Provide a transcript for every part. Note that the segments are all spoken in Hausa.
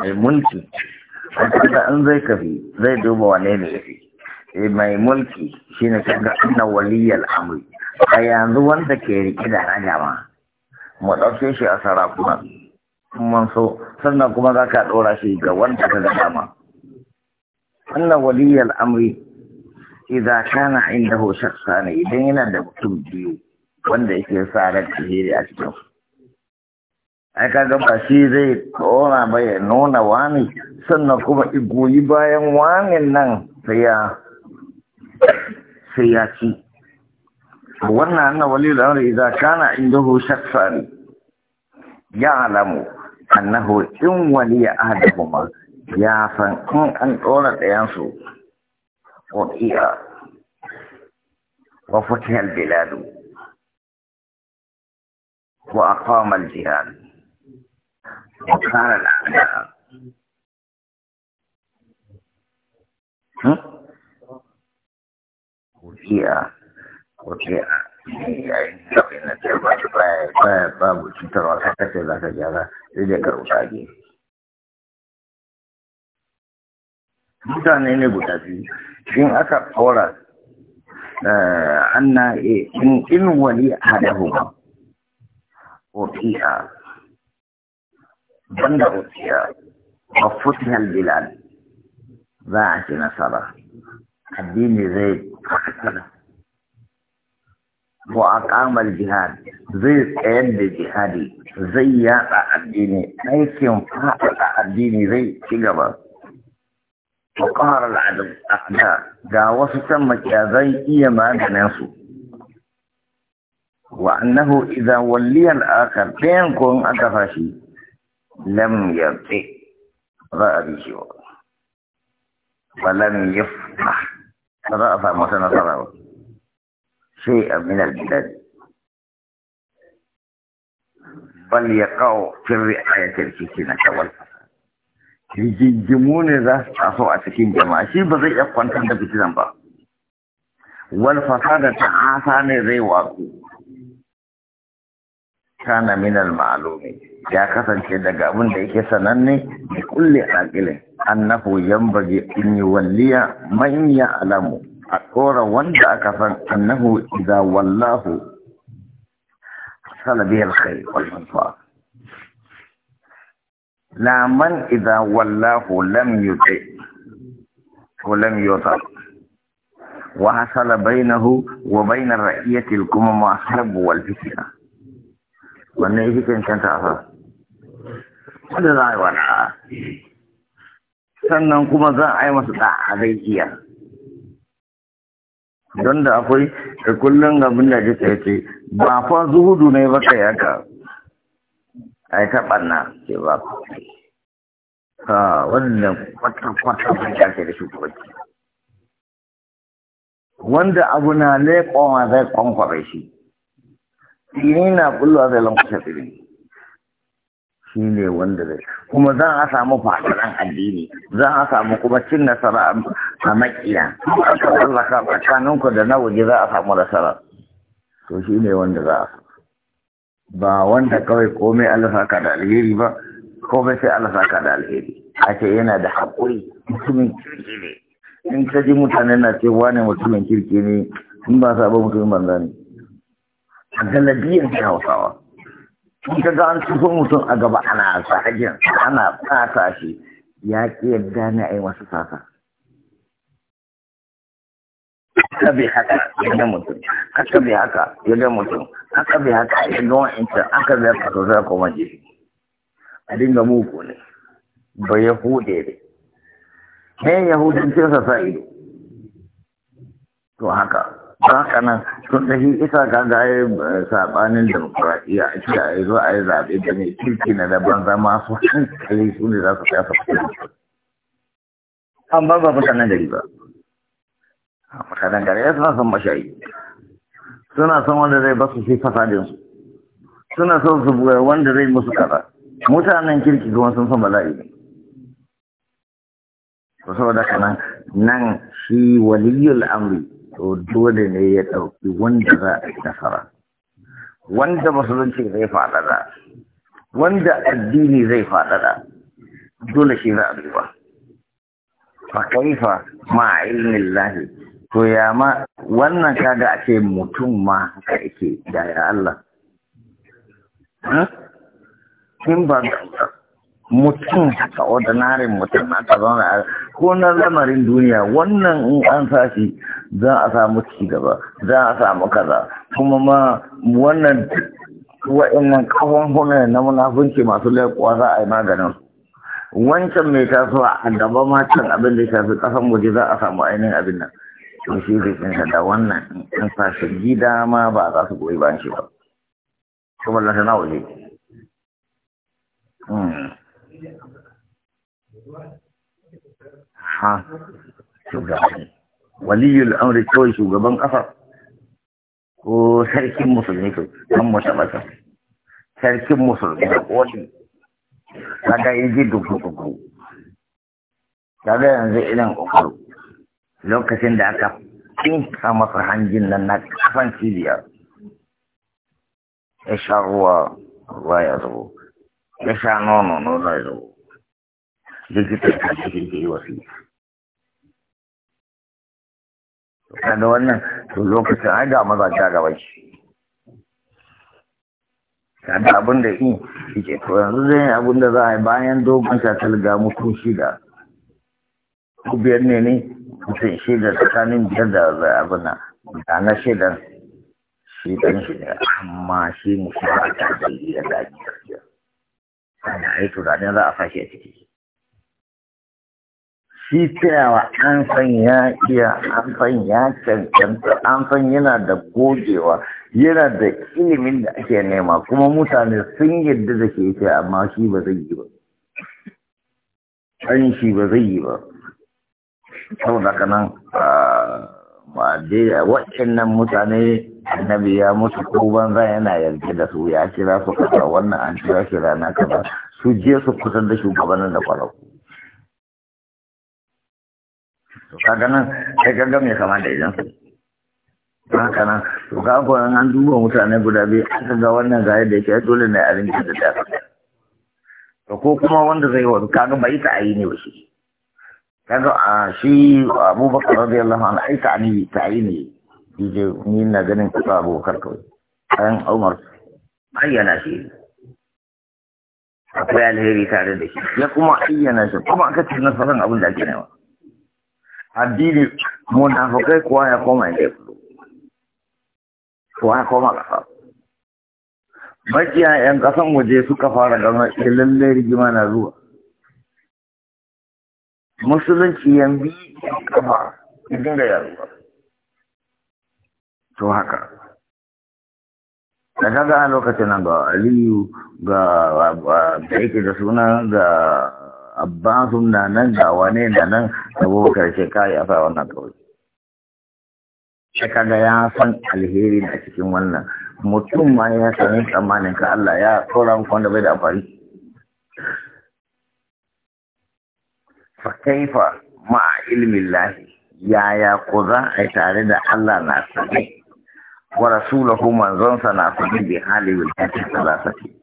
mai mulki wata an zai kafi zai duba wane ne yafi eh, mai mulki shine kaga anna waliyal amri a yanzu wanda ke rike da ma. mu ɗauke shi a sarakuna mun so sannan kuma za ka ɗora shi ga wanda ka ga dama anna waliyal amri idan kana indahu shakhsani idan yana da mutum biyu wanda yake sa ran alheri a cikin ai kaga ba shi zai ɗora ba ya nuna wani sannan kuma igoyi bayan wani nan sai ya ci wannan na wali da wani idan kana indahu shakhsan ya'lamu annahu in wali ahadahuma ya san in an ɗora ɗayan su iya wa fukiyar biladu wa aqama al jihad ya fara la'ana Kuciya, kuciya, yayin kafin na ce ba baya baya babu cutarwa ta kace za ka gyara sai dai ka Mutane ne guda biyu, in aka tsora anna in wani hadahu ba, kuciya بند روسيا وفتح البلاد باعت نصره الدين زي قتله وأقام الجهاد زي قيد الجهادي زي يقع الدين لكن فاقع الدين زي كجبا وقهر العدم أعداء جاوس تمك يا زي ما ننسو وأنه إذا ولي الآخر بينكم أكفاشي لم يبدئ رأى شيء فلم يفتح رأى متنصره شيئا من البلاد بل يقع في الرعاية الفتنة والفساد يجمون ذا أسوأ تكين جماعة شيء بزي يقوان تنبه فتنة والفساد تعاثان ذي واقع كان من المعلومين ya kasance daga abin da yake sananne da kulle a aqilin annahu yanbaghi in yuwalliya man alamu. a tsora wanda aka san annahu idza wallahu salabi kai, wal fa. la man idza wallahu lam yuti wa lam yuta wa hasala bainahu wa bain ar-ra'iyati al-kumam wa wal fitna wannan yake kanta a wanda za a yi wani a sannan kuma za a yi masu da'a zai iya don da akwai da kullum abin da jika ya ce ba fa zuhudu ne ba kai haka a yi taɓar na ce ba ku ha wannan kwata-kwata ba ya ce da shugabanci wanda abu na leƙonwa zai kwankwara shi tsini na kullu zai lankwashe tsini shi ne wanda zai kuma za a samu fadaran addini za a samu kuma cin nasara a makiya a tsakanin ku da na waje za a samu nasara to shi ne wanda za a ba wanda kawai komai Allah saka da alheri ba komai sai Allah saka da alheri ake yana da haƙuri mutumin kirki ne in ka ji mutane na ce wane mutumin kirki ne in ba sa ba mutumin banza ne a galabiyar hausawa in ka ga an tuso mutum a gaba ana sajin ana fata shi ya ƙi yadda na a yi masu sata haka bai haka ya ga mutum haka bai haka ya ga mutum haka bai haka ya ga wa'ancan haka bai haka to zai koma jefi a dinga muku ne ba hude ne ne yahudancin sa sa ido to haka haka nan sun ɗahi isa ka ga ya eh, saɓanin demokuraɗiyya a cikin a zo a yi zaɓe da ne kirki na daban zama su hankali su ne za su su kuɗi An ba mutanen gari ba mutanen gari ya suna son mashayi suna son wanda zai ba su fi fasadin su suna son su wanda zai musu kaza mutanen kirki kuma sun son bala'i ne to saboda kana nan shi waliyul amri to dole ne ya ɗauki wanda za a yi nasara wanda musulunci zai faɗaɗa wanda addini zai faɗaɗa dole shi za a duba fa kaifa ma ilmin lahi to ya ma wannan kaga a ce mutum ma haka yake da ya Allah in hmm? ba da Allah mutum haka ordinarin mutum aka zauna a na lamarin duniya wannan in an sashi za a samu ci gaba za a samu kaza kuma ma wannan wa'annan kawon hunan na munafunci masu laifuwa za a yi maganin wancan mai tasowa a gaba ma can abin da shafi kasan waje za a samu ainihin abin nan to shi zai tsinka da wannan in sashi gida ma ba za su goyi ba shi ba kuma lantana waje Hmm. ha shugaban waliyul amri kawai shugaban kafa ko sarkin musulmi ko kan mata sarkin musulmi da koli kaga in ji dubu dubu kaga yanzu idan ukuru lokacin da aka kinka masa hanjin nan na kafan cibiyar ya sha ruwa ruwa ya zubo ya sha nono nono ya zo likitan ka cikin da yi wasi da wannan to lokacin an ga maza ta gaban shi kada abin da yi ke to yanzu zai abin da za a yi bayan dogon shakal ga mutum shida ku biyar ne ne mutum shida tsakanin biyar da abin nan da na shidan shi dan shi ne amma shi mutum ba ta da yi da biyar. da a yi tunanin za a sashi a ciki shi cewa an san ya iya an san ya cancanta an san yana da gogewa yana da ilimin da ake nema kuma mutane sun yadda da ke ce amma shi ba zai yi ba an shi ba zai yi ba saboda kanan ah, nan mutane annabi ya musu ko banza yana yarda da su ya kira su kasa, wannan an kira shi rana kaza su je su kusan da shugabannin da kwalaku kaga nan sai kaga mai kama da idan su haka nan to ga ko an duba mutane guda biyu aka kaga wannan ga yadda yake dole ne a rinka da dafa to ko kuma wanda zai wa kaga bai ta ayi ne ba shi kaga a shi Abubakar radiyallahu anhu ai ta ani ta ayi ne dije ni na ganin kusa abokar kawai. Kayan Umar ayyana shi. Akwai alheri tare da shi. Ya kuma ayyana shi kuma aka ce nasarar abin da ake nema. Addini munafukai kuwa ya koma ya fito. Kuwa ya koma ƙasa. Bakiya 'yan ƙasan waje suka fara gama eh, lalle rigima na zuwa. musulunci yanzu kafa idan da yaruwa to haka da kaga a lokacin nan ga aliyu ga da yake da suna ga abbasu na nan ga wane na nan abubakar ce kai a wannan kawai shi kaga ya san alheri na cikin wannan mutum ma ya sami tsammanin ka Allah ya tsora muku wanda bai da amfani fa kaifa ma ilmin lahi yaya ko za a yi tare da Allah na sami wa rasulahu manzonsa na kudi bi hali wilkacin salasati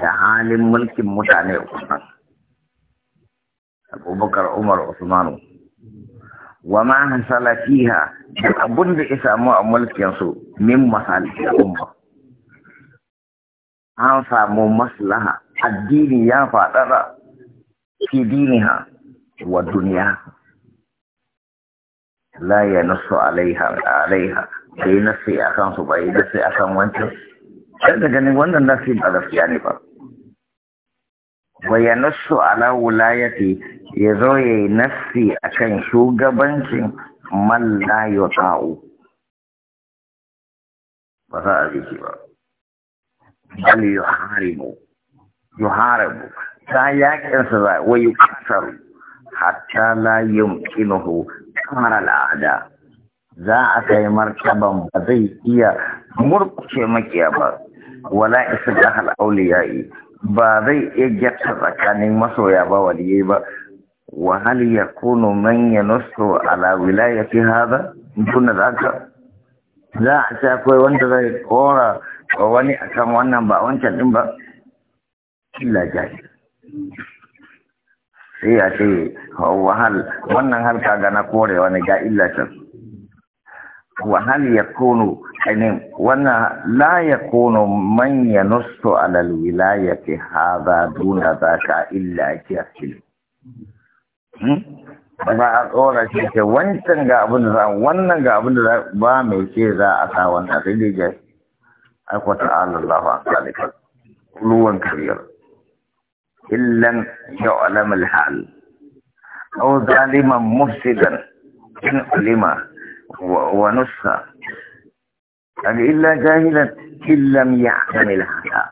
da halin mulkin mutane uku abubakar umar usmanu wa ma hasala fiha abun da ya samu a mulkin su min masalihin umma an samu maslaha addini ya faɗaɗa fi diniha wa duniya la ya nasu alaiha alaiha da yi nasi a kansu ba yi nasi a kan wancan sai da ganin wannan nasi ba fiya ne ba wa ya nasu ala wulayati ya zo ya yi nasi a kan shugabancin man ya ta'u ba za a zai ba bal yuharimu yuharimu ta yakin sa wa yukasaru hatta la yumkinuhu kamar al'ada za a kai martaban ba zai iya murkushe makiya ba wala isa ya yi. ba zai iya gyata tsakanin masoya ba waliyai ba wa hal Kuno manya yanussu ala fi hada dun zaka za a ce akwai wanda zai kora wani akan wannan ba wancan din ba illa jahil sai a ce wahal wannan har ga na kore wani ga illa ta wahal kono ainihin wannan la yakunu man yanustu ala ke haza, duna za ka illa yakil hmm? ba a tsora shi ke wancan ga abin da za wannan ga abin da ba mai ce za a sa wannan sai dai ga akwata alallahu akalika ruwan kariyar illan alamul hal أو ظالما مفسدا إن علم ونسخ قال يعني إلا جاهلا إن لم يعلم الحياة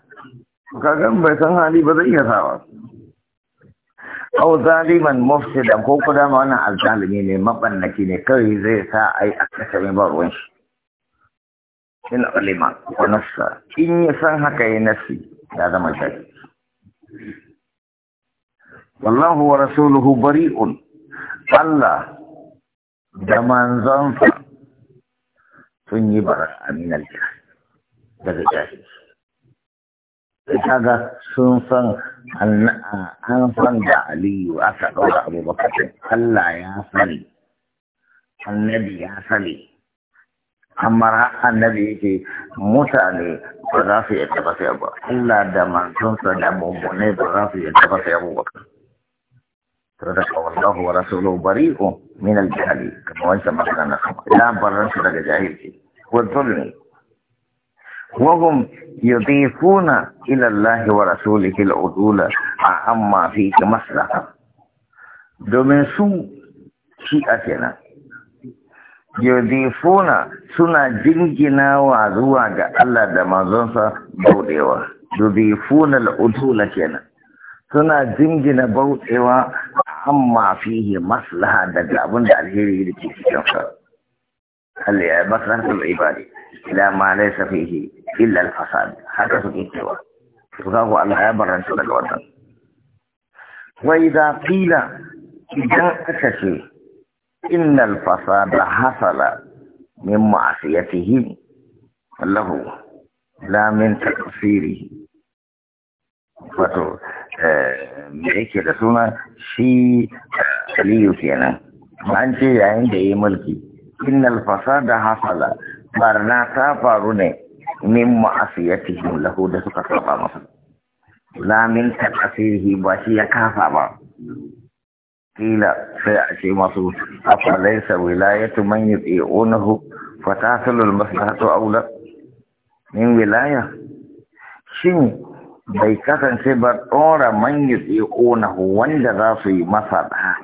وكان بيسان هالي بدأي أو ظالما مفسدا هو قد معنى الظالمين مبنى كيني كي زي ساعة أي أكثر من بروش إن علم ونسخ إن يسان هكي نسي هذا مجال wallahu wa rasuluhu bari'un Allah da manzansa sun yi bara aminal daga jahil kaga sun san an san da aliyu aka ɗaura abubakar Allah ya sani annabi ya sani amma annabi yake mutane ba za su yadda ba sai abu Allah da manzonsa da mummune ba za su sadaka wallahu wa rasuluhu bari'u min al-jahli kamar wancan magana na sama ya barranta daga jahilci wa zulmi وهم يضيفون إلى الله ورسوله العدول عما فيك مصلحة domin su shi'a kenan yodifuna suna jinginawa zuwa ga Allah da manzonsa bauɗewa yodifuna al'udula kenan suna jingina bauɗewa amma fihi maslaha daga abin da alheri yake cikin sa alle ya maslahatul ibadi ila ma laysa fihi illa al-fasad haka suke cewa to ga ku Allah ya barranta daga wannan wa idza qila idan aka ce innal fasada hasala min ma'siyatihi lahu la min taqsirihi wato yake da suna shi eh, aliyu kenan an ce yayin da ya yi mulki innal fasada hasala barna ta faru ne min ma'asiyatihim lahu da suka saba masa la min takasirihi ba shi ya kafa ba kila sai a ce masu afalaisa wilayatu man yuti'unahu fatasalul maslahatu aula min wilaya shin bai kasance ba ɗora man yi wanda za su yi masa ɗaya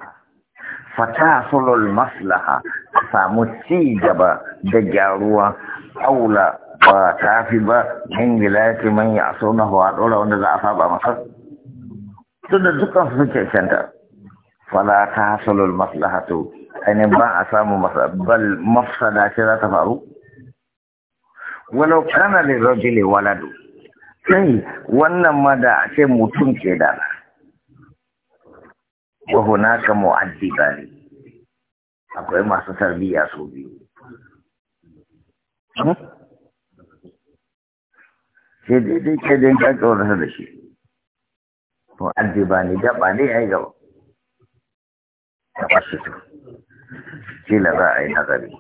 fata sulul maslaha a samu ci gaba da gyaruwa aula ba ta fi ba yin wilayati man ya aso na hawa ɗora wanda za a saba masa tun da dukkan su cancanta fala ta sulul maslaha to ainihin ba a samu masa bal mafsada ce za ta faru walau kana lirajili waladu kai wannan ma da a ce mutum ke da wa hunaka mu'addibani akwai masu tarbiyya su biyu hmm? sai daidai ke dai ka tsorata da shi mu'addibani daba ne ya yi gaba da wasu to kila za a yi nazari